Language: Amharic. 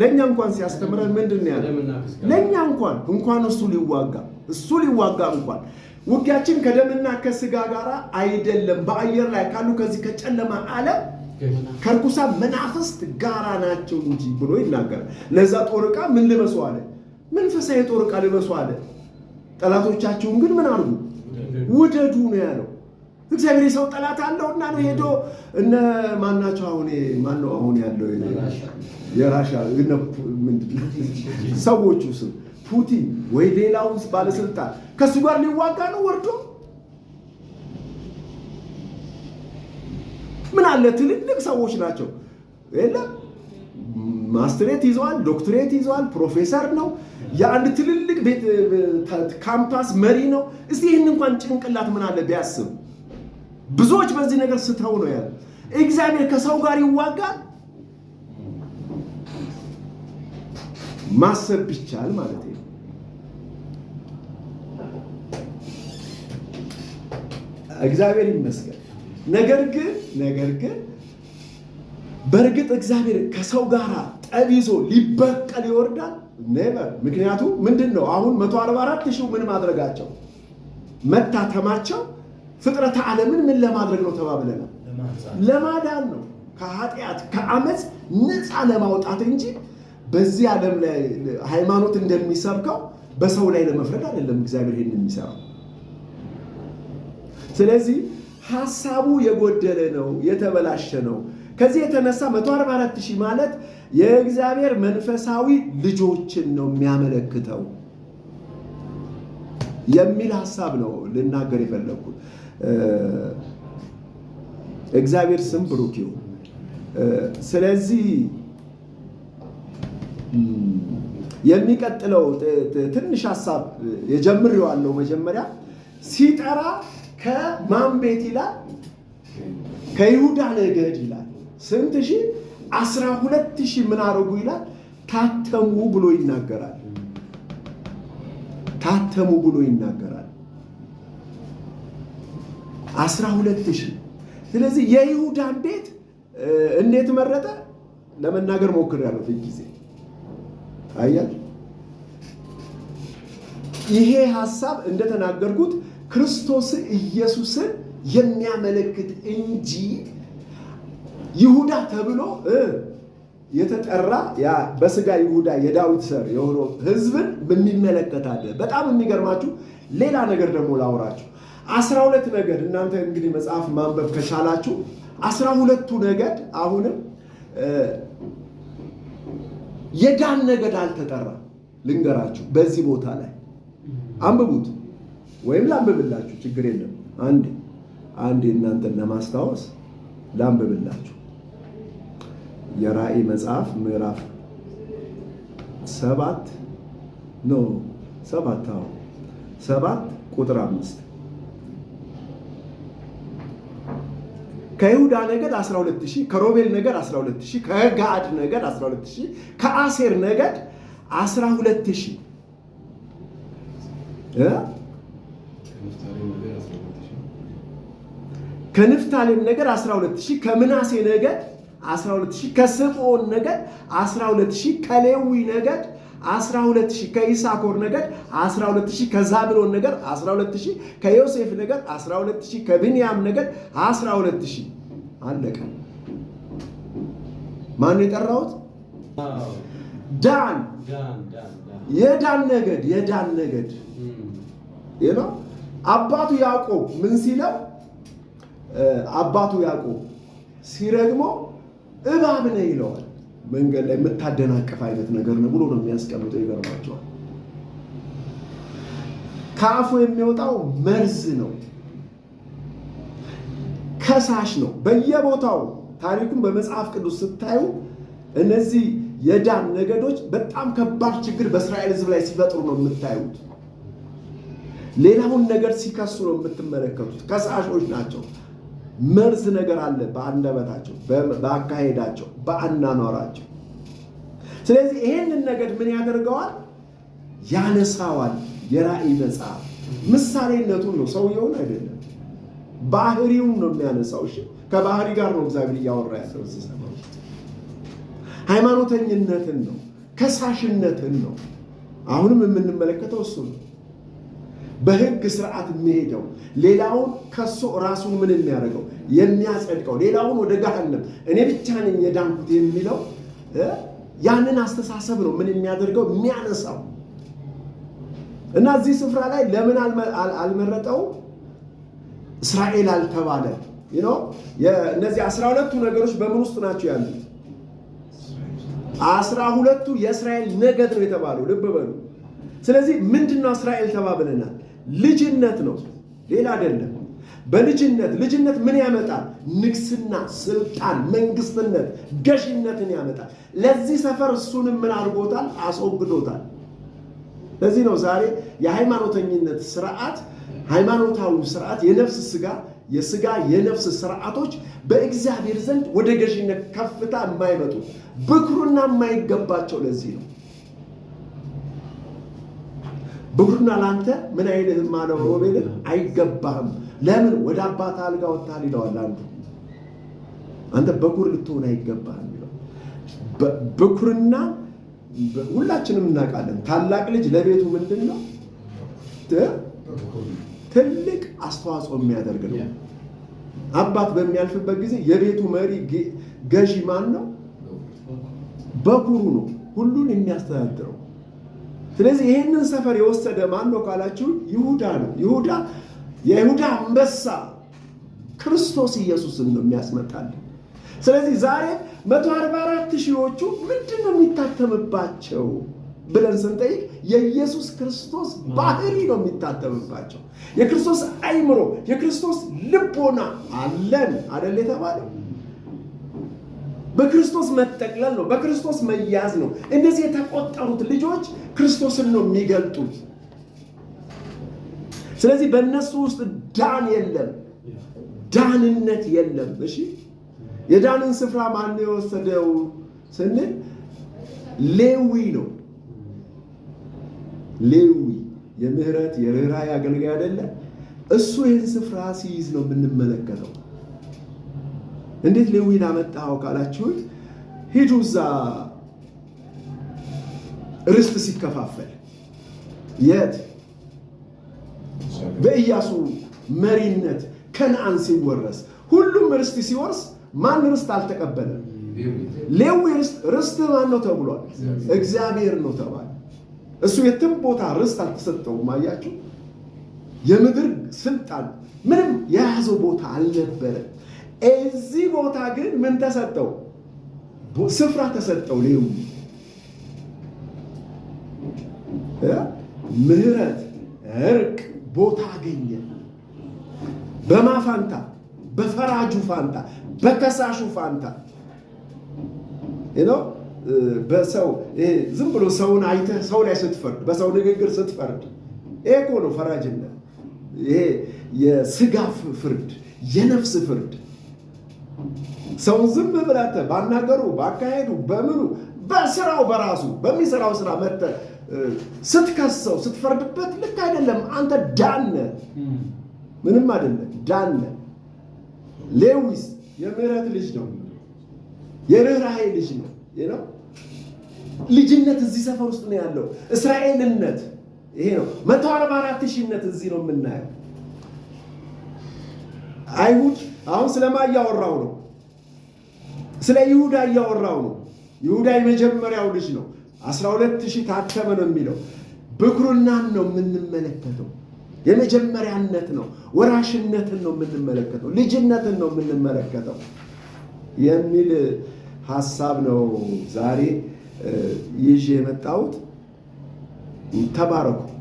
ለእኛ እንኳን ሲያስተምረን ምንድን ነው ያለ? ለእኛ እንኳን እንኳን እሱ ሊዋጋ እሱ ሊዋጋ እንኳን ውጊያችን ከደምና ከስጋ ጋር አይደለም፣ በአየር ላይ ካሉ ከዚህ ከጨለማ ዓለም ከርኩሳ መናፍስት ጋራ ናቸው እንጂ ብሎ ይናገራል። ለዛ ጦር ዕቃ ምን ልበሱ አለ? መንፈሳዊ ጦር ዕቃ ልበሱ አለ። ጠላቶቻችሁን ግን ምን አርጉ? ውደዱ ነው ያለው። እግዚአብሔር የሰው ጠላት አለው እና ነው ሄዶ እነ ማናቸው አሁን ማነው አሁን ያለው የራሻ ሰዎቹ ስም ፑቲን ወይ ሌላው ባለስልጣን ከእሱ ጋር ሊዋጋ ነው ወርዶ ምን አለ ትልልቅ ሰዎች ናቸው የለም ማስትሬት ይዘዋል ዶክትሬት ይዘዋል ፕሮፌሰር ነው የአንድ ትልልቅ ካምፓስ መሪ ነው እስቲ ይህን እንኳን ጭንቅላት ምን አለ ቢያስብ ብዙዎች በዚህ ነገር ስተው ነው ያለ። እግዚአብሔር ከሰው ጋር ይዋጋል ማሰብ ቢቻል ማለት ነው። እግዚአብሔር ይመስገን። ነገር ግን ነገር ግን በእርግጥ እግዚአብሔር ከሰው ጋር ጠብ ይዞ ሊበቀል ይወርዳል? ኔቨር። ምክንያቱም ምንድን ነው አሁን መቶ አርባ ሺህ ምን ማድረጋቸው መታተማቸው ፍጥረተ ዓለምን ምን ለማድረግ ነው ተባብለናል? ለማዳን ነው። ከኃጢአት ከአመፅ ነፃ ለማውጣት እንጂ በዚህ ዓለም ላይ ሃይማኖት እንደሚሰብከው በሰው ላይ ለመፍረድ አይደለም እግዚአብሔር ይህን የሚሰራው። ስለዚህ ሀሳቡ የጎደለ ነው፣ የተበላሸ ነው። ከዚህ የተነሳ 144 ሺህ ማለት የእግዚአብሔር መንፈሳዊ ልጆችን ነው የሚያመለክተው የሚል ሀሳብ ነው ልናገር የፈለግኩት። እግዚአብሔር ስም ብሩክ ይሁን። ስለዚህ የሚቀጥለው ትንሽ ሀሳብ የጀምሬዋለሁ። መጀመሪያ ሲጠራ ከማን ቤት ይላል? ከይሁዳ ነገድ ይላል። ስንት ሺህ? አስራ ሁለት ሺህ ምን አረጉ ይላል? ታተሙ ብሎ ይናገራል። ታተሙ ብሎ ይናገራል። አስራ ሁለት ሺ ስለዚህ የይሁዳን ቤት እንዴት መረጠ ለመናገር ሞክሬያለሁ ፊት ጊዜ አያል ይሄ ሀሳብ እንደተናገርኩት ክርስቶስ ኢየሱስን የሚያመለክት እንጂ ይሁዳ ተብሎ የተጠራ ያ በስጋ ይሁዳ የዳዊት ሰር የሆነው ህዝብን የሚመለከት አለ። በጣም የሚገርማችሁ ሌላ ነገር ደግሞ ላውራችሁ። አስራ ሁለት ነገድ እናንተ እንግዲህ መጽሐፍ ማንበብ ከቻላችሁ አስራ ሁለቱ ነገድ አሁንም የዳን ነገድ አልተጠራም። ልንገራችሁ በዚህ ቦታ ላይ አንብቡት ወይም ላንብብላችሁ፣ ችግር የለም። አንድ አንድ እናንተን ለማስታወስ ላንብብላችሁ የራእይ መጽሐፍ ምዕራፍ ሰባት ነው ሰባት ሰባት ቁጥር አምስት ከይሁዳ ነገድ ሺህ ከሮቤል ነገድ 12000 ከጋድ ነገድ 12000 ከአሴር ነገድ 12000 ከንፍታሌም ነገድ 12000 ከምናሴ ነገድ 12000 ከስምዖን ነገድ 12000 ከሌዊ ነገድ 12000 ከኢሳኮር ነገድ 12000 ከዛብሎን ነገድ 12000 ከዮሴፍ ነገድ 12000 ከብንያም ነገድ 12000 አለቀ። ማን የጠራሁት? ዳን የዳን ነገድ የዳን ነገድ ይሄ አባቱ ያዕቆብ ምን ሲለው አባቱ ያዕቆብ ሲረግሞ እባብ ነው ይለዋል። መንገድ ላይ የምታደናቅፍ አይነት ነገር ነው ብሎ ነው የሚያስቀምጠው። ይገርማቸዋል። ከአፉ የሚወጣው መርዝ ነው፣ ከሳሽ ነው። በየቦታው ታሪኩን በመጽሐፍ ቅዱስ ስታዩ እነዚህ የዳን ነገዶች በጣም ከባድ ችግር በእስራኤል ሕዝብ ላይ ሲፈጥሩ ነው የምታዩት። ሌላውን ነገር ሲከሱ ነው የምትመለከቱት። ከሳሾች ናቸው። መርዝ ነገር አለ በአንደበታቸው፣ በአካሄዳቸው፣ በአናኗራቸው። ስለዚህ ይሄንን ነገድ ምን ያደርገዋል? ያነሳዋል። የራእይ መጽሐፍ ምሳሌነቱን ነው፣ ሰውየውን አይደለም፣ ባህሪውን ነው የሚያነሳው። እሺ ከባህሪ ጋር ነው እግዚአብሔር እያወራ ያለው። ሃይማኖተኝነትን ነው፣ ከሳሽነትን ነው። አሁንም የምንመለከተው እሱ ነው። በህግ ስርዓት የሚሄደው ሌላውን ከሱ ራሱን ምን የሚያደርገው የሚያጸድቀው ሌላውን ወደ ገሃነም እኔ ብቻ ነኝ የዳንኩት የሚለው ያንን አስተሳሰብ ነው ምን የሚያደርገው የሚያነሳው። እና እዚህ ስፍራ ላይ ለምን አልመረጠው እስራኤል አልተባለ? እነዚህ አስራ ሁለቱ ነገሮች በምን ውስጥ ናቸው ያሉት? አስራ ሁለቱ የእስራኤል ነገድ ነው የተባለው። ልብ በሉ ስለዚህ ምንድነው እስራኤል ተባብለናል? ልጅነት ነው፣ ሌላ አይደለም። በልጅነት ልጅነት ምን ያመጣል? ንግስና፣ ስልጣን፣ መንግስትነት፣ ገዥነትን ያመጣል። ለዚህ ሰፈር እሱንም ምን አድርጎታል? አስወግዶታል። ለዚህ ነው ዛሬ የሃይማኖተኝነት ስርዓት ሃይማኖታዊ ስርዓት የነፍስ ስጋ የስጋ የነፍስ ስርዓቶች በእግዚአብሔር ዘንድ ወደ ገዥነት ከፍታ የማይመጡ ብክሩና የማይገባቸው ለዚህ ነው። ብኩርና ለአንተ ምን አይነት ማነው? ሮቤልን አይገባህም። ለምን ወደ አባት አልጋ ወጥተሃል ይለዋል አንዱ። አንተ በኩር ልትሆን አይገባህም ይለው ብኩርና ሁላችንም እናውቃለን። ታላቅ ልጅ ለቤቱ ምንድን ነው ትልቅ አስተዋጽኦ የሚያደርግ ነው። አባት በሚያልፍበት ጊዜ የቤቱ መሪ ገዢ ማን ነው? በኩሩ ነው፣ ሁሉን የሚያስተዳድረው ስለዚህ ይህንን ሰፈር የወሰደ ማን ነው ካላችሁ፣ ይሁዳ ነው። ይሁዳ የይሁዳ አንበሳ ክርስቶስ ኢየሱስን ነው የሚያስመጣልን። ስለዚህ ዛሬ መቶ አርባ አራት ሺዎቹ ምንድን ነው የሚታተምባቸው ብለን ስንጠይቅ የኢየሱስ ክርስቶስ ባህሪ ነው የሚታተምባቸው። የክርስቶስ አይምሮ፣ የክርስቶስ ልቦና አለን አደል የተባለው በክርስቶስ መጠቅለል ነው፣ በክርስቶስ መያዝ ነው። እነዚህ የተቆጠሩት ልጆች ክርስቶስን ነው የሚገልጡት። ስለዚህ በእነሱ ውስጥ ዳን የለም፣ ዳንነት የለም። እሺ የዳንን ስፍራ ማን የወሰደው ስንል ሌዊ ነው። ሌዊ የምህረት የርኅራኄ አገልጋይ አይደለ? እሱ ይህን ስፍራ ሲይዝ ነው የምንመለከተው። እንዴት ሌዊን አመጣኸው ካላችሁት ሂዱ እዛ ርስት ሲከፋፈል የት በኢያሱ መሪነት ከነአን ሲወረስ ሁሉም ርስት ሲወርስ ማን ርስት አልተቀበለም? ሌዊ ርስት ርስት ማን ነው ተብሏል? እግዚአብሔር ነው ተባለ። እሱ የትም ቦታ ርስት አልተሰጠውም። አያችሁ፣ የምድር ስልጣን ምንም የያዘው ቦታ አልነበረ። እዚህ ቦታ ግን ምን ተሰጠው? ስፍራ ተሰጠው ሌዊ ምህረት፣ እርቅ ቦታ አገኘ። በማፋንታ በፈራጁ ፋንታ፣ በከሳሹ ፋንታ ነው። በሰው ዝም ብሎ ሰውን አይተህ ሰው ላይ ስትፈርድ፣ በሰው ንግግር ስትፈርድ፣ ይሄ እኮ ነው ፈራጅነት። ይሄ የስጋ ፍርድ፣ የነፍስ ፍርድ ሰውን ዝም ብለህ ባናገሩ፣ ባካሄዱ፣ በምኑ በስራው በራሱ በሚሰራው ስራ መተ ስትከሰው ስትፈርድበት ልክ አይደለም። አንተ ዳነ ምንም አይደለም። ዳነ ሌዊስ የምህረት ልጅ ነው፣ የርኅራሄ ልጅ ነው ነው ልጅነት እዚህ ሰፈር ውስጥ ነው ያለው። እስራኤልነት ይሄ ነው። መቶ አርባ አራት ሺህነት እዚህ ነው የምናየው። አይሁድ አሁን ስለማ እያወራው ነው፣ ስለ ይሁዳ እያወራው ነው ይሁዳ የመጀመሪያው ልጅ ነው። አስራ ሁለት ሺህ ታተመ ነው የሚለው ብኩርናን ነው የምንመለከተው። የመጀመሪያነት ነው፣ ወራሽነትን ነው የምንመለከተው፣ ልጅነትን ነው የምንመለከተው የሚል ሀሳብ ነው ዛሬ ይዤ የመጣሁት። ተባረኩ።